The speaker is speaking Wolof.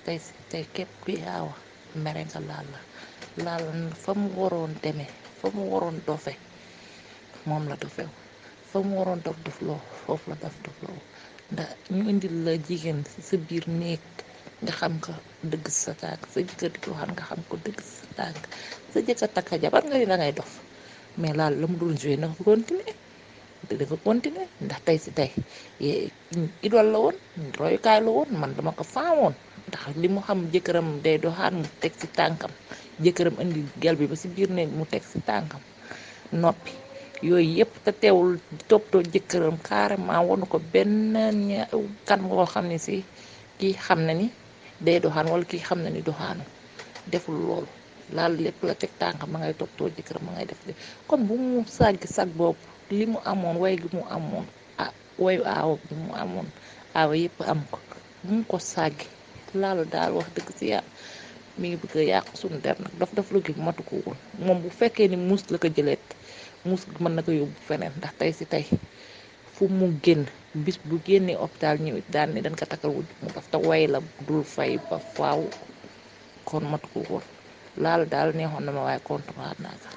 tey tey képp kuy aawa mere nga laal la laal fa mu waroon demee fa mu waroon dofe moom la dofew fa mu waroon dof dof loo la dof dof loo ndax ñu indil la jigéen sa biir néeg nga xam ko dëgg sa tànk sa jëkkër di ko xam nga xam ko dëgg sa tànk sa jëkkër takka jabar nga ni da dof mais laal la mu du joué na ko continuer dafa continuer ndax tey si tey idol la woon royukaay la woon man dama ko faamoon ndax li mu xam jëkkëram day doxaan mu teg ci tànkam jëkkëram indi gel bi ba si biir néeg mu teg si tànkam noppi yooyu yëpp te teewul toppatoo jëkkëram carrément wanu ko benn kan woo xam ne si kii xam na ni day doxaan wala kii xam na ni doxaanu deful loolu laal lépp la teg tànkam ma ngay toppatoo jëkkëram ma ngay def de kon bu mu sàgg sag boobu li mu amoon way mu amoon ah wayu aaw bi mu amoon aawa yëpp am ko bu mu ko sàggi laal daal wax dëgg si yàlla mi ngi bëgg yàq suñu der nag daf daf la gi matu ko woon moom bu fekkee ni muus la ko jëleet muus mën na ko yóbbu feneen ndax tey si tey fu mu génn bis bu génnee hôpital ñëw daan ne dañ ko takkal wujj mu daf te way la dul fay ba faaw kon matu ko woon loolu daal neexoon na ma waaye kontaan naa ko